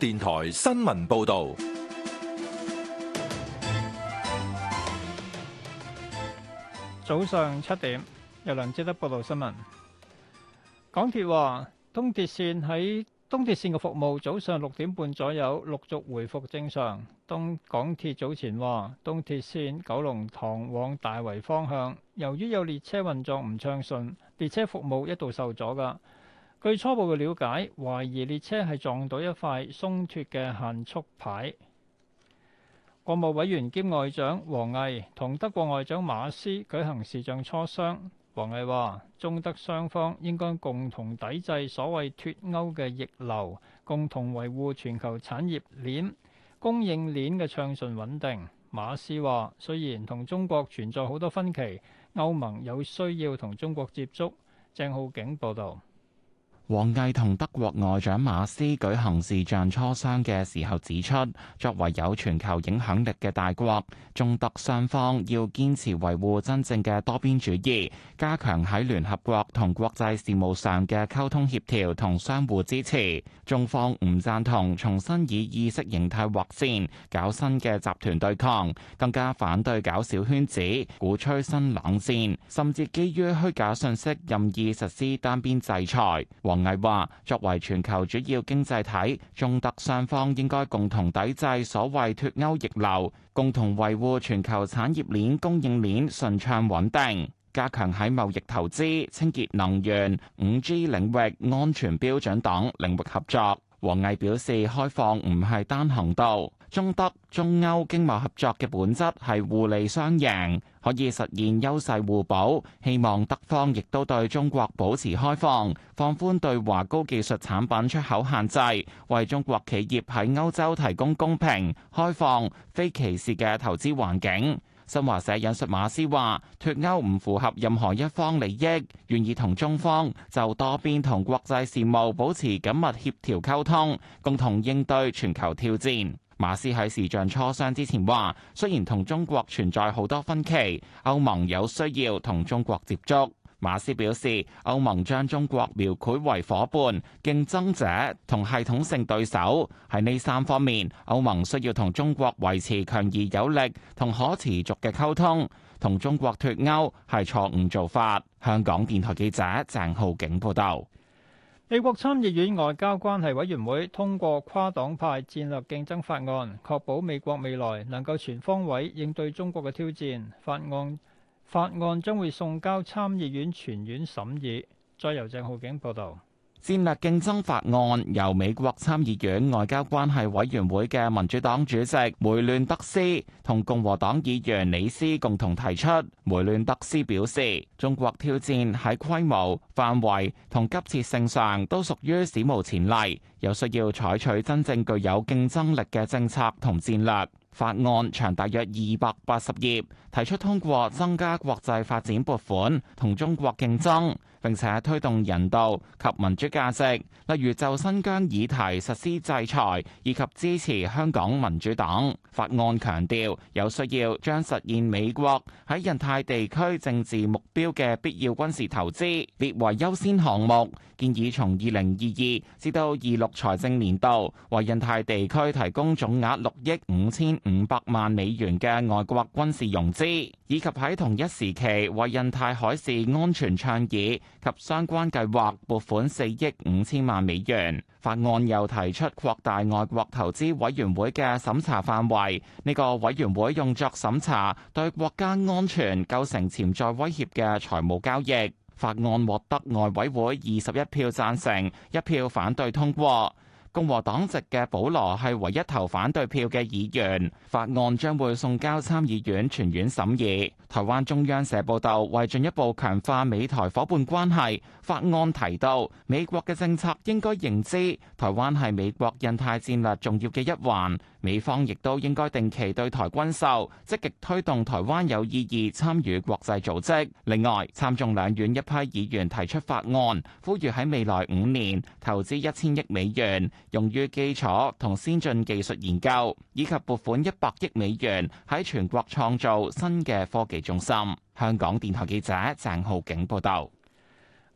電台新聞報道，早上七點，由梁志德報道新聞。港鐵話，東鐵綫喺東鐵綫嘅服務，早上六點半左右陸續回復正常。東港鐵早前話，東鐵綫九龍塘往大圍方向，由於有列車運作唔暢順，列車服務一度受阻㗎。據初步嘅了解，懷疑列車係撞到一塊鬆脱嘅限速牌。國務委員兼外長王毅同德國外長馬斯舉行視像磋商。王毅話：中德雙方應該共同抵制所謂脱歐嘅逆流，共同維護全球產業鏈、供應鏈嘅暢順穩定。馬斯話：雖然同中國存在好多分歧，歐盟有需要同中國接觸。鄭浩景報導。王毅同德國外長馬斯舉行視像磋商嘅時候指出，作為有全球影響力嘅大國，中德雙方要堅持維護真正嘅多邊主義，加強喺聯合國同國際事務上嘅溝通協調同相互支持。中方唔贊同重新以意識形態劃綫，搞新嘅集團對抗，更加反對搞小圈子、鼓吹新冷戰，甚至基於虛假信息任意實施單邊制裁。艾話作為全球主要經濟體，中德雙方應該共同抵制所謂脫歐逆流，共同維護全球產業鏈供應鏈順暢穩定，加強喺貿易投資、清潔能源、五 G 領域安全標準等領域合作。王毅表示，開放唔係單行道，中德、中歐經貿合作嘅本質係互利雙贏，可以實現優勢互補，希望德方亦都對中國保持開放，放寬對華高技術產品出口限制，為中國企業喺歐洲提供公平、開放、非歧視嘅投資環境。新華社引述馬斯話：脫歐唔符合任何一方利益，願意同中方就多邊同國際事務保持緊密協調溝通，共同應對全球挑戰。馬斯喺視像磋商之前話：雖然同中國存在好多分歧，歐盟有需要同中國接觸。馬斯表示，歐盟將中國描繪為伙伴、競爭者同系統性對手，喺呢三方面，歐盟需要同中國維持強而有力同可持續嘅溝通。同中國脫鉤係錯誤做法。香港電台記者鄭浩景報道，美國參議院外交關係委員會通過跨黨派戰略競爭法案，確保美國未來能夠全方位應對中國嘅挑戰。法案。法案將會送交參議院全院審議。再由鄭浩景報道，《戰略競爭法案》由美國參議院外交關係委員會嘅民主黨主席梅亂德斯同共和黨議員李斯共同提出。梅亂德斯表示，中國挑戰喺規模、範圍同急切性上都屬於史無前例，有需要採取真正具有競爭力嘅政策同戰略。法案長大約二百八十頁，提出通過增加國際發展撥款，同中國競爭。並且推動人道及民主價值，例如就新疆議題實施制裁，以及支持香港民主黨。法案強調有需要將實現美國喺印太地區政治目標嘅必要軍事投資列為優先項目，建議從二零二二至到二六財政年度為印太地區提供總額六億五千五百萬美元嘅外國軍事融資，以及喺同一時期為印太海事安全倡議。及相關計劃撥款四億五千萬美元。法案又提出擴大外國投資委員會嘅審查範圍，呢個委員會用作審查對國家安全構成潛在威脅嘅財務交易。法案獲得外委會二十一票贊成，一票反對通過。共和黨籍嘅保羅係唯一投反對票嘅議員，法案將會送交參議院全院審議。台灣中央社報道，為進一步強化美台夥伴關係，法案提到美國嘅政策應該認知台灣係美國印太戰略重要嘅一環，美方亦都應該定期對台軍售，積極推動台灣有意義參與國際組織。另外，參眾兩院一批議員提出法案，呼籲喺未來五年投資一千億美元。用於基礎同先進技術研究，以及撥款一百億美元喺全國創造新嘅科技中心。香港電台記者鄭浩景報道。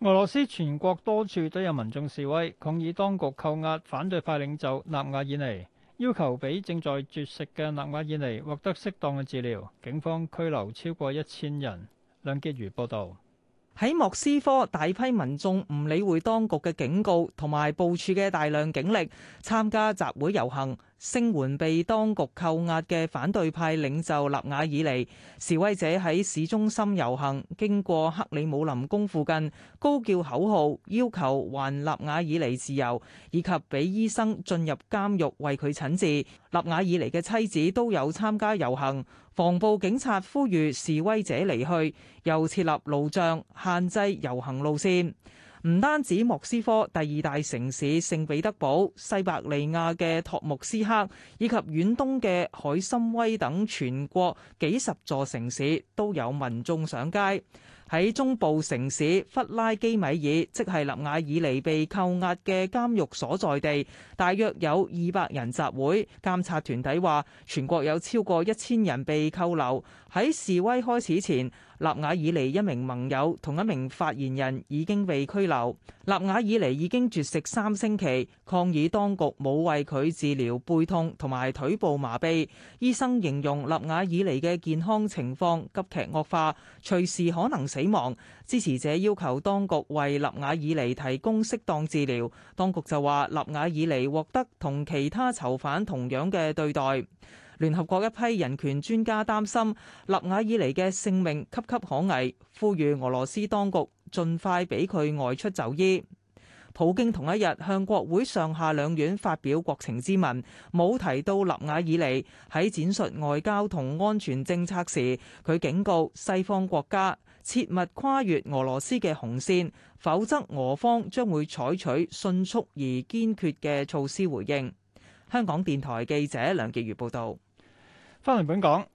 俄羅斯全國多處都有民眾示威，抗議當局扣押反對派領袖納瓦爾尼，要求俾正在絕食嘅納瓦爾尼獲得適當嘅治療。警方拘留超過一千人。梁潔如報道。喺莫斯科，大批民眾唔理會當局嘅警告同埋部署嘅大量警力，參加集會遊行。聲援被當局扣押嘅反對派領袖納瓦爾尼，示威者喺市中心遊行，經過克里姆林宮附近，高叫口號，要求還納瓦爾尼自由，以及俾醫生進入監獄為佢診治。納瓦爾尼嘅妻子都有參加遊行。防暴警察呼籲示威者離去，又設立路障，限制遊行路線。唔單止莫斯科，第二大城市聖彼得堡、西伯利亞嘅托木斯克，以及遠東嘅海參崴等全國幾十座城市都有民眾上街。喺中部城市弗拉基米爾，即係納瓦爾尼被扣押嘅監獄所在地，大約有二百人集會。監察團體話，全國有超過一千人被扣留。喺示威開始前，納瓦爾尼一名盟友同一名發言人已經被拘留。納瓦爾尼已經絕食三星期，抗議當局冇為佢治療背痛同埋腿部麻痹。醫生形容納瓦爾尼嘅健康情況急劇惡化，隨時可能死亡支持者要求當局為納瓦爾尼提供適當治療。當局就話納瓦爾尼獲得同其他囚犯同樣嘅對待。聯合國一批人權專家擔心納瓦爾尼嘅性命岌岌可危，呼籲俄羅斯當局盡快俾佢外出就醫。普京同一日向國會上下兩院發表國情咨文，冇提到納瓦爾尼喺闡述外交同安全政策時，佢警告西方國家。切勿跨越俄羅斯嘅紅線，否則俄方將會採取迅速而堅決嘅措施回應。香港電台記者梁潔如報導。翻嚟本港，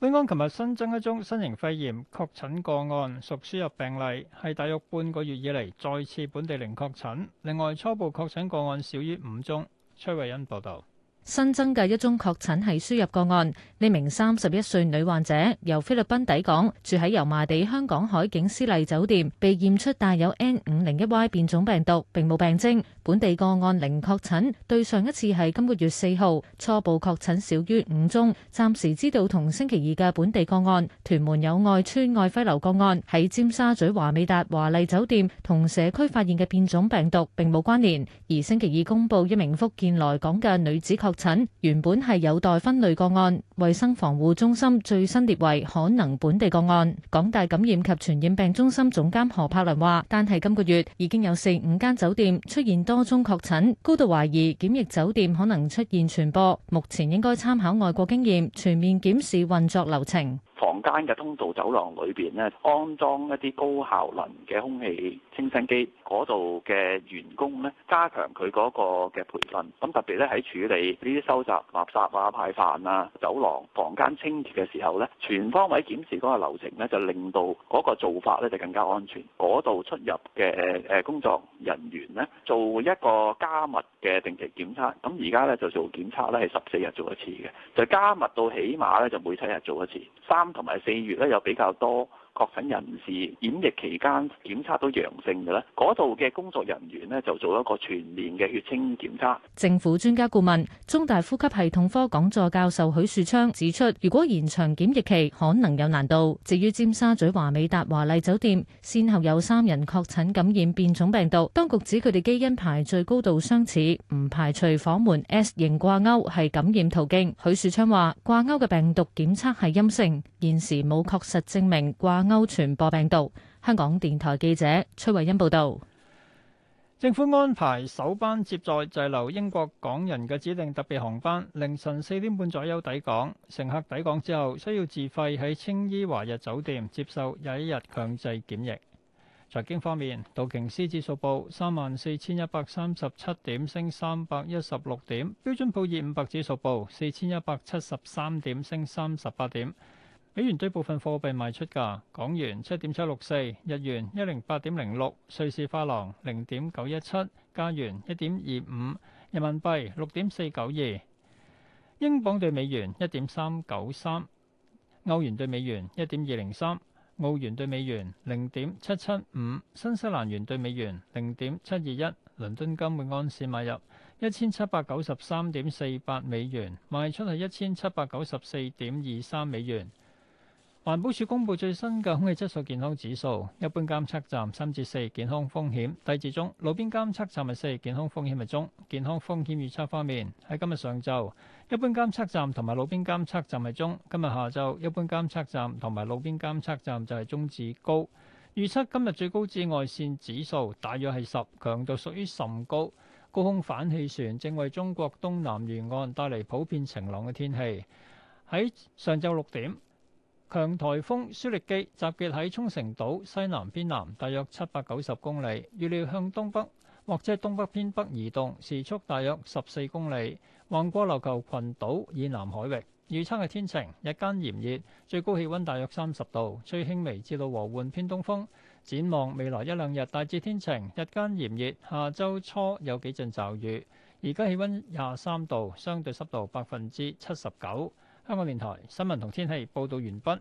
本港琴日新增一宗新型肺炎確診個案，屬輸入病例，係大約半個月以嚟再次本地零確診。另外，初步確診個案少於五宗。崔慧欣報導。新增嘅一宗確診係輸入個案，呢名三十一歲女患者由菲律賓抵港，住喺油麻地香港海景絲麗酒店，被驗出帶有 N 五零一 Y 變種病毒，並冇病徵，本地個案零確診，對上一次係今個月四號。初步確診少於五宗，暫時知道同星期二嘅本地個案、屯門友愛邨愛輝樓個案喺尖沙咀華美達華麗酒店同社區發現嘅變種病毒並冇關聯，而星期二公布一名福建來港嘅女子確。確診原本係有待分類個案，衛生防護中心最新列為可能本地個案。港大感染及傳染病中心總監何栢良話，但係今個月已經有四五間酒店出現多宗確診，高度懷疑檢疫酒店可能出現傳播。目前應該參考外國經驗，全面檢視運作流程。房間嘅通道、走廊裏邊呢，安裝一啲高效能嘅空氣。清新機嗰度嘅員工咧，加強佢嗰個嘅培訓，咁特別咧喺處理呢啲收集垃圾啊、派飯啊、走廊、房間清潔嘅時候咧，全方位檢視嗰個流程咧，就令到嗰個做法咧就更加安全。嗰度出入嘅誒工作人員咧，做一個加密嘅定期檢測，咁而家咧就做檢測咧係十四日做一次嘅，就加密到起碼咧就每七日做一次。三同埋四月咧又比較多。確診人士檢疫期間檢測到陽性嘅呢，嗰度嘅工作人員呢就做一個全面嘅血清檢測。政府專家顧問、中大呼吸系統科講座教授許樹昌指出，如果延長檢疫期，可能有難度。至於尖沙咀華美達華麗酒店，先後有三人確診感染變種病毒，當局指佢哋基因排序高度相似，唔排除房門 S 型掛鈎係感染途徑。許樹昌話：掛鈎嘅病毒檢測係陰性，現時冇確實證明掛鈎。歐傳播病毒。香港電台記者崔慧欣報道。政府安排首班接載滯留英國港人嘅指定特別航班，凌晨四點半左右抵港。乘客抵港之後，需要自費喺青衣華日酒店接受廿一日強制檢疫。財經方面，道瓊斯指數報三萬四千一百三十七點，升三百一十六點；標準普爾五百指數報四千一百七十三點，升三十八點。美元兌部分貨幣賣出價：港元七點七六四，日元一零八點零六，瑞士法郎零點九一七，加元一點二五，人民幣六點四九二，英鎊對美元一點三九三，歐元對美元一點二零三，澳元對美元零點七七五，新西蘭元對美元零點七二一。倫敦金每盎司買入一千七百九十三點四八美元，賣出係一千七百九十四點二三美元。環保署公布最新嘅空氣質素健康指數，一般監測站三至四健康風險，低至中；路邊監測站係四健康風險，係中。健康風險預測方面，喺今日上晝，一般監測站同埋路邊監測站係中；今日下晝，一般監測站同埋路邊監測站就係中至高。預測今日最高紫外線指數大約係十，強度屬於甚高。高空反氣旋正為中國東南沿岸帶嚟普遍晴朗嘅天氣。喺上晝六點。強颱風舒力基集結喺沖繩島西南偏南，大約七百九十公里，預料向東北或者東北偏北移動，時速大約十四公里，橫過琉球群島以南海域。預測係天晴，日間炎熱，最高氣温大約三十度，吹輕微至到和緩偏東風。展望未來一兩日大致天晴，日間炎熱，下周初有幾陣驟雨。而家氣温廿三度，相對濕度百分之七十九。香港電台新聞同天氣報道完畢。